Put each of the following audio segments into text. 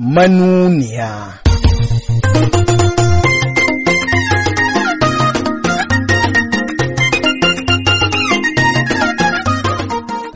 manuniya.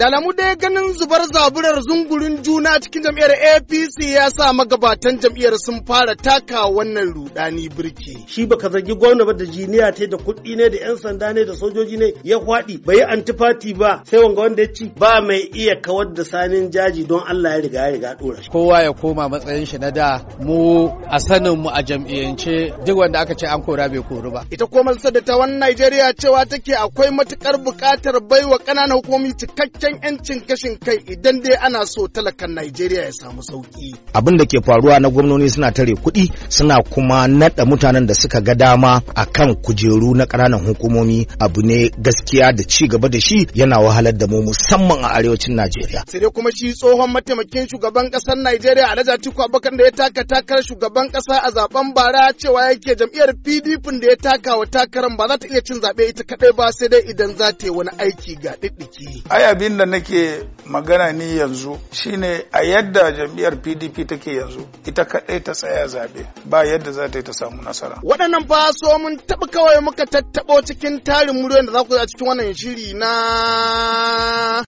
Da dai ganin zubar zaburar zungurin juna cikin jam'iyyar APC ya sa magabatan jam'iyyar sun fara taka wannan rudani birki. Shi baka zargi gwamna ba da jiniya ta da kuɗi ne da 'yan sanda ne da sojoji ne ya kwaɗi bai yi antifati ba sai wanga wanda ya ci ba mai iya kawar da sanin jaji don Allah ya riga ya riga ɗora shi. Kowa ya koma matsayin shi na da mu a sanin mu a jam'iyyance duk wanda aka ce an kora bai kori ba. Ita ko ta wani Najeriya cewa take akwai matukar buƙatar baiwa ƙananan hukumomi cikakken kan 'yancin kashin kai idan dai ana so talakan Najeriya ya samu sauki. Abin da ke faruwa na gwamnoni suna tare kuɗi suna kuma naɗa mutanen da suka ga dama a kan kujeru na ƙananan hukumomi abu ne gaskiya da ci gaba da shi yana wahalar da mu musamman a arewacin Najeriya. Sai dai kuma shi tsohon mataimakin shugaban ƙasar Najeriya Alhaji Atiku Abubakar da ya taka takarar shugaban ƙasa a zaben bara cewa yake jam'iyyar PDP da ya taka wa takarar ba za ta iya cin zaɓe ita kaɗai ba sai dai idan za ta yi wani aiki ga ɗiɗɗiki. Ai abin da nake magana ni yanzu shine a yadda jam'iyyar pdp take yanzu ita kaɗai ta tsaya zaɓe ba yadda za ta yi ta samu nasara waɗannan ba so mun taɓa kawai muka tattaɓo cikin tarin muryoyin da za ku a cikin wannan shiri na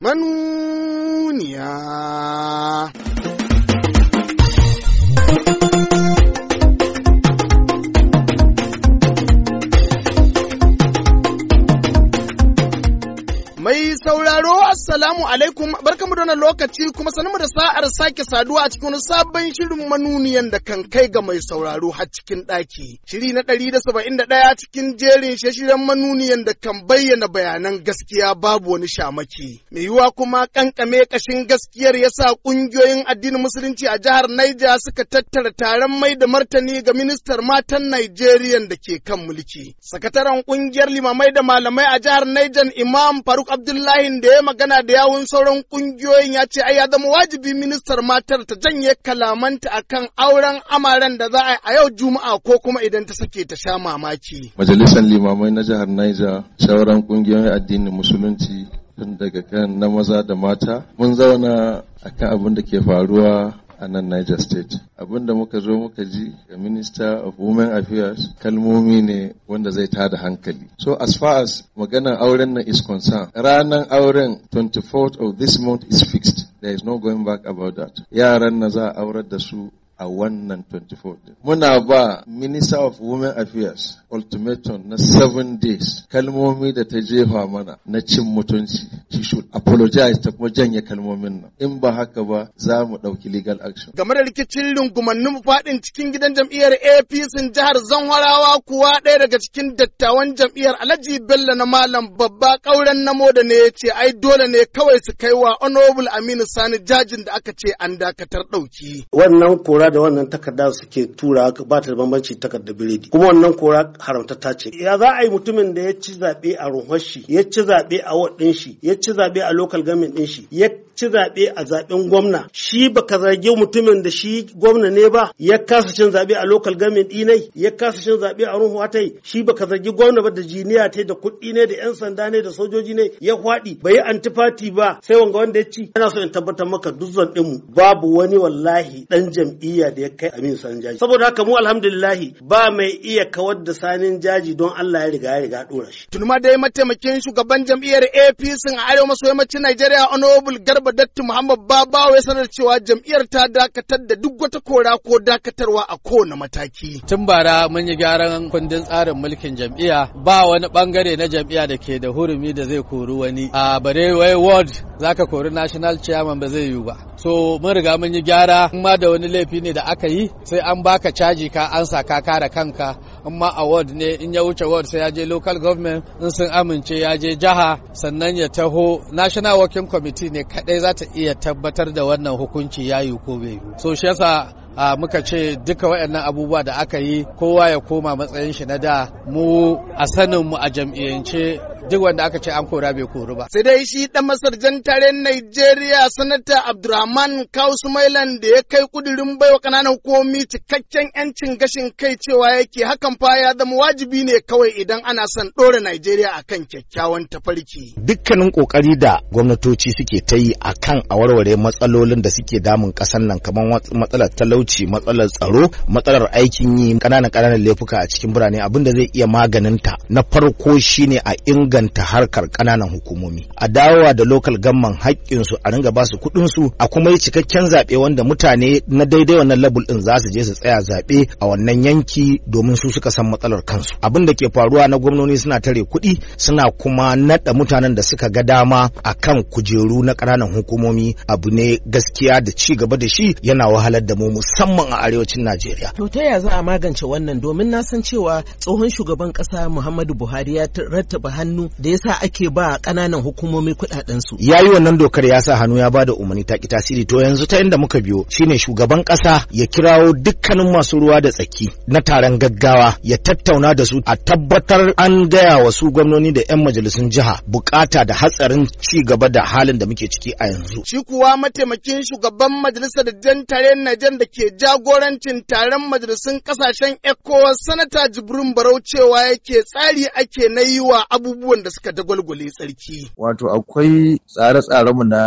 manuniya alaikum bar da wannan lokaci kuma sanmu da sa'ar sake saduwa a cikin sabon shirin manuniyan da kan kai ga mai sauraro har cikin ɗaki. Shiri na ɗari da saba'in da ɗaya cikin jerin shirin manuniyan da kan bayyana bayanan gaskiya babu wani shamaki. Me yiwuwa kuma kankame kashin gaskiyar ya sa ƙungiyoyin addinin musulunci a jihar Niger suka tattara taron mai da martani ga ministar matan Nigerian da ke kan mulki. Sakataren ƙungiyar limamai da malamai a jihar Niger Imam Faruk Abdullahi da ya magana da yawun sauran ƙungiyoyi ƙungiyoyin ya ce ai ya zama wajibi ministar matar ta janye kalamanta akan auren amaren da za a yi a yau juma'a ko kuma idan ta sake ta sha mamaki. Majalisar limamai na jihar Niger sauran ƙungiyoyin addinin musulunci tun daga kan na maza da mata mun zauna akan abin da ke faruwa a nan Niger State. Abin da muka zo muka ji ga Minister of Women Affairs kalmomi ne wanda zai tada hankali. So as far as maganan auren na is concerned, ranar auren 24th of this month is fixed. There is no going back about that. Yaran na za a aurar da su a wannan 24 Muna ba Minister of Women Affairs ultimatum na 7 days kalmomi da ta jefa mana na cin mutunci. She should apologize ta kuma janye kalmomin nan. In ba haka ba za mu ɗauki legal action. Game da rikicin rungumannin faɗin cikin gidan jam'iyyar APC jihar Zanwarawa kuwa ɗaya daga cikin dattawan jam'iyyar Alhaji Bello na Malam babba ƙauren namo da ne ya ce ai dole ne kawai su kai wa Honorable Aminu Sani jajin da aka ce an dakatar ɗauki. Wannan kura da wannan takarda suke tura ba ta da bambanci takarda biredi kuma wannan kora haramtatta ce ya za a yi mutumin da ya ci zaɓe a ruhar shi ya ci zaɓe a wadin shi ya ci zaɓe a local gamin din shi ya ci zaɓe a zaɓen gwamna shi baka zargi mutumin da shi gwamna ne ba ya kasa cin zaɓe a lokal government ɗinai ya kasa cin zaɓe a ruhu yi shi baka zargi gwamna ba da jiniya ta da kuɗi ne da yan sanda ne da sojoji ne ya faɗi ba yi antifati ba sai wanga wanda ya ci yana so in tabbatar maka duk zon ɗinmu babu wani wallahi ɗan jam'iyya da ya kai amin sanjaji saboda haka mu alhamdulillahi ba mai iya kawar da sanin jaji don Allah ya riga ya riga ɗora shi. Tunuma dai mataimakin shugaban jam'iyyar APC a arewa maso yammacin Najeriya Honorable Garba Garba Datti Muhammad ba ba wai sanar cewa jam'iyyar ta dakatar da duk wata kora ko dakatarwa a kowane mataki. Tun bara mun yi gyaran kundin tsarin mulkin jam'iyya ba wani bangare na jam'iyya da ke da hurumi da zai kori wani. A bare wai ward zaka kori national chairman ba zai yiwu ba. So mun riga mun yi gyara ma da wani laifi ne da aka yi sai an baka caji ka ansa ka kare kanka in ma a ward ne in ya wuce ward sai ya je local government in sun amince ya je jiha sannan ya taho national working committee ne kadai za ta iya tabbatar da wannan hukunci ya yi ko bai yi so shi yasa a muka ce duka waɗannan abubuwa da aka yi kowa ya koma matsayin shi na da mu a sanin mu a jam'iyyance duk wanda aka ce an kora bai koru ba. Sai dai shi dan masarjan tare Najeriya sanata Abdulrahman Kausu Mailan da ya kai kudirin baiwa kananan komi cikakken yancin gashin kai cewa yake hakan fa ya zama wajibi ne kawai idan ana son ɗora Najeriya akan kyakkyawan tafarki. Dukkanin kokari da gwamnatoci suke ta yi akan a warware matsalolin da suke damun ƙasar nan kamar matsalar talauci, matsalar tsaro, matsalar aikin yi, ƙananan ƙananan laifuka a cikin birane abin da zai iya maganinta na farko shine a in inganta harkar kananan hukumomi a dawowa da lokal gamman haƙƙin su a ringa basu kuɗin su a kuma yi cikakken zaɓe wanda mutane na daidai wannan labul ɗin za su je su tsaya zaɓe a wannan yanki domin su suka san matsalar kansu abin da ke faruwa na gwamnoni suna tare kuɗi suna kuma naɗa mutanen da suka ga dama a kan kujeru na ƙananan hukumomi abu ne gaskiya da ci gaba da shi yana wahalar da mu musamman a arewacin Najeriya. To ta yaya za a magance wannan domin na san cewa tsohon shugaban ƙasa Muhammadu Buhari ya rattaba hannu hannu da yasa ake ba kananan hukumomi kuɗaɗen su yayi wannan dokar ya sa hannu ya ba da umarni ta ki tasiri to yanzu ta inda muka biyo shine shugaban kasa ya kirawo dukkanin masu ruwa da tsaki na taron gaggawa ya tattauna da su a tabbatar an gaya wa su gwamnoni da 'yan majalisun jiha bukata da hatsarin ci gaba da halin da muke ciki a yanzu. Shi kuwa mataimakin shugaban majalisar jan tare Najan da ke jagorancin taron majalisun kasashen ECOWAS sanata Jibrin Barau cewa yake tsari ake na yi wa abubuwa abubuwan da suka dagwalgwale tsarki. Wato akwai tsare-tsarenmu na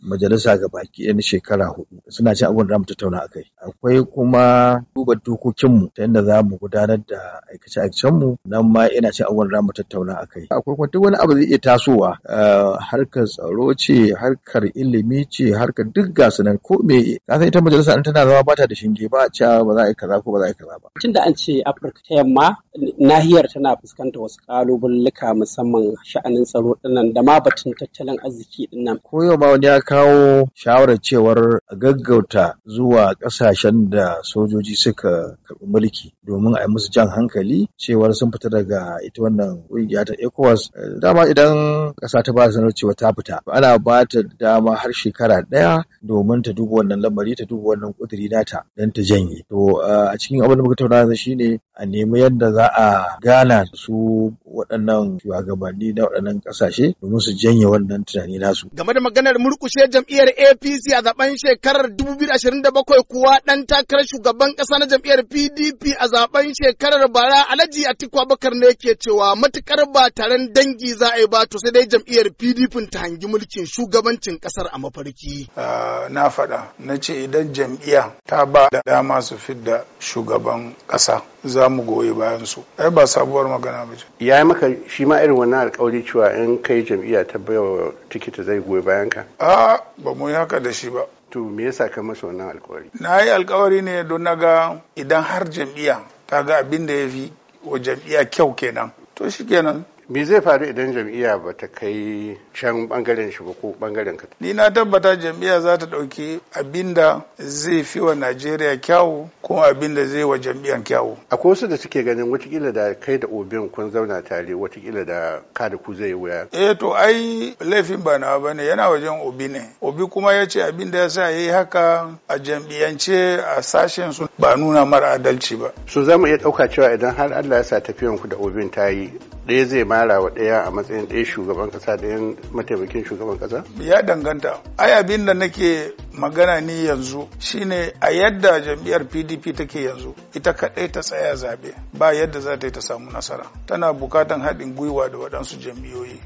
majalisa ga baki ɗaya na shekara hudu suna cin abubuwan da mu tattauna a kai akwai kuma duba dokokinmu ta yadda za mu gudanar da aikace aikacenmu nan ma ina cin abubuwan da mu tattauna a kai akwai kuma duk wani abu zai iya tasowa eh, harkar tsaro ce harkar ilimi ce harkar duk gasu nan ko me ka san ita majalisa in tana zama bata da shinge ba a cewa ba za a yi kaza ko ba za a yi kaza ba tunda an ce afirka ta yamma nahiyar tana fuskantar wasu kalubulluka musamman sha'anin tsaro dinnan da ma batun tattalin arziki dinnan ko yau ma wani kawo shawarar cewar gaggauta zuwa ƙasashen da sojoji suka karɓi mulki domin a yi musu jan hankali cewar sun fita daga ita wannan ƙungiya ta ECOWAS. Eh, dama idan ƙasa ta ba da sanar cewa ta fita ana ba ta dama har shekara ɗaya domin ta duba wannan lamari ta duba wannan ƙudiri nata don ta janye. To eh, a cikin abin da muka tauna shi a nemi yadda za a gana su waɗannan shugabanni na waɗannan ƙasashe domin su janye wannan tunani nasu. Game da maganar murkushe jam'iyyar APC a zaben shekarar 2027 kuwa ɗan takarar shugaban ƙasa na jam'iyyar PDP a zaben shekarar bara Alhaji Atiku Abubakar ne ke cewa matukar ba taron dangi za a yi ba to sai dai jam'iyyar PDP ta hangi mulkin shugabancin ƙasar a mafarki. Ah, na faɗa na ce idan jam'iyya ta ba da dama su fidda shugaban ƙasa za mu goyi bayan su. Ai ba sabuwar magana ba ce. Ya maka shi ma irin wannan alkawari cewa in kai jam'iyya ta baiwa tikiti zai goyi bayan ka a ba mu yi haka da shi ba to me yasa ka masa wannan alkawari na yi alkawari ne don ga idan har jam'iyya ta ga abin da ya fi wa jam'iyya kyau kenan to shi kenan me zai faru idan jam'iyya ba ta kai can bangaren shi ba ko bangaren ka ni na tabbata jam'iyya za ta dauki abinda zai fi wa Najeriya kyawu ko abinda zai wa jam'iyyar kyawu. Akwai wasu da suke ganin watakila da kai da Obin kun zauna tare watakila da kada ku zai wuya. Eh to ai laifin ba na bane yana wajen Obi ne. Obi kuma ya ce abinda ya sa ya yi haka a jam'iyyance a sashen su ba nuna mara adalci ba. So za mu iya ɗauka cewa idan har Allah ya sa tafiyan ku da Obin ta yi ɗaya zai mara wa ɗaya a matsayin ɗaya shugaban ƙasa ɗayan mataimakin shugaban ƙasa? Ya danganta. Ai abinda nake magana magana ni yanzu shine a yadda jam'iyyar pdp take yanzu ita kadai ta tsaya zaɓe ba yadda za ta yi ta samu nasara tana bukatan haɗin gwiwa da waɗansu jam'iyyoyi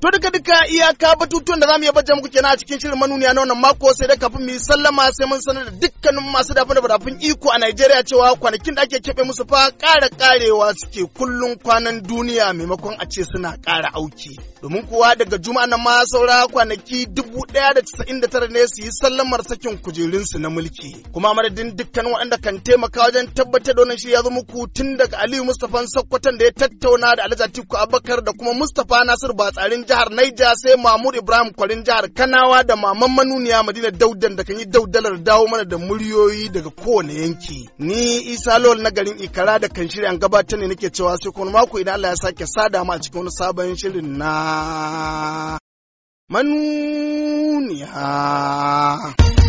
To duka duka iyaka batutuwan da zamu iya jama'a muku kenan a cikin shirin manuniya na wannan mako sai da kafin mu sallama sai mun sanar da dukkanin masu dafa da badafin iko a Najeriya cewa kwanakin da ake kebe musu fa ƙara ƙarewa suke kullun kwanan duniya maimakon a ce suna ƙara auki. Domin kuwa daga juma'a nan ma saura kwanaki dubu ɗaya da casa'in da tara ne su yi sallamar sakin kujerunsu na mulki. Kuma madadin dukkan waɗanda kan taimaka wajen tabbatar da wannan shi ya zo muku tun daga Aliyu Mustapha Sakkwatan da ya tattauna da Alhaji Atiku Abubakar da kuma Mustapha Nasiru Batsarin jihar Naija sai Mahmud Ibrahim Kwarin jihar Kanawa da Maman Manuniya Madina Daudan da kan yi daudalar dawo mana da muryoyi daga kowane yanki. Ni Isa Lol na garin Ikara da kan shirya gabatar ne nake cewa sai kuma mako idan Allah ya sake sada mu a cikin wani sabon shirin na manuniya.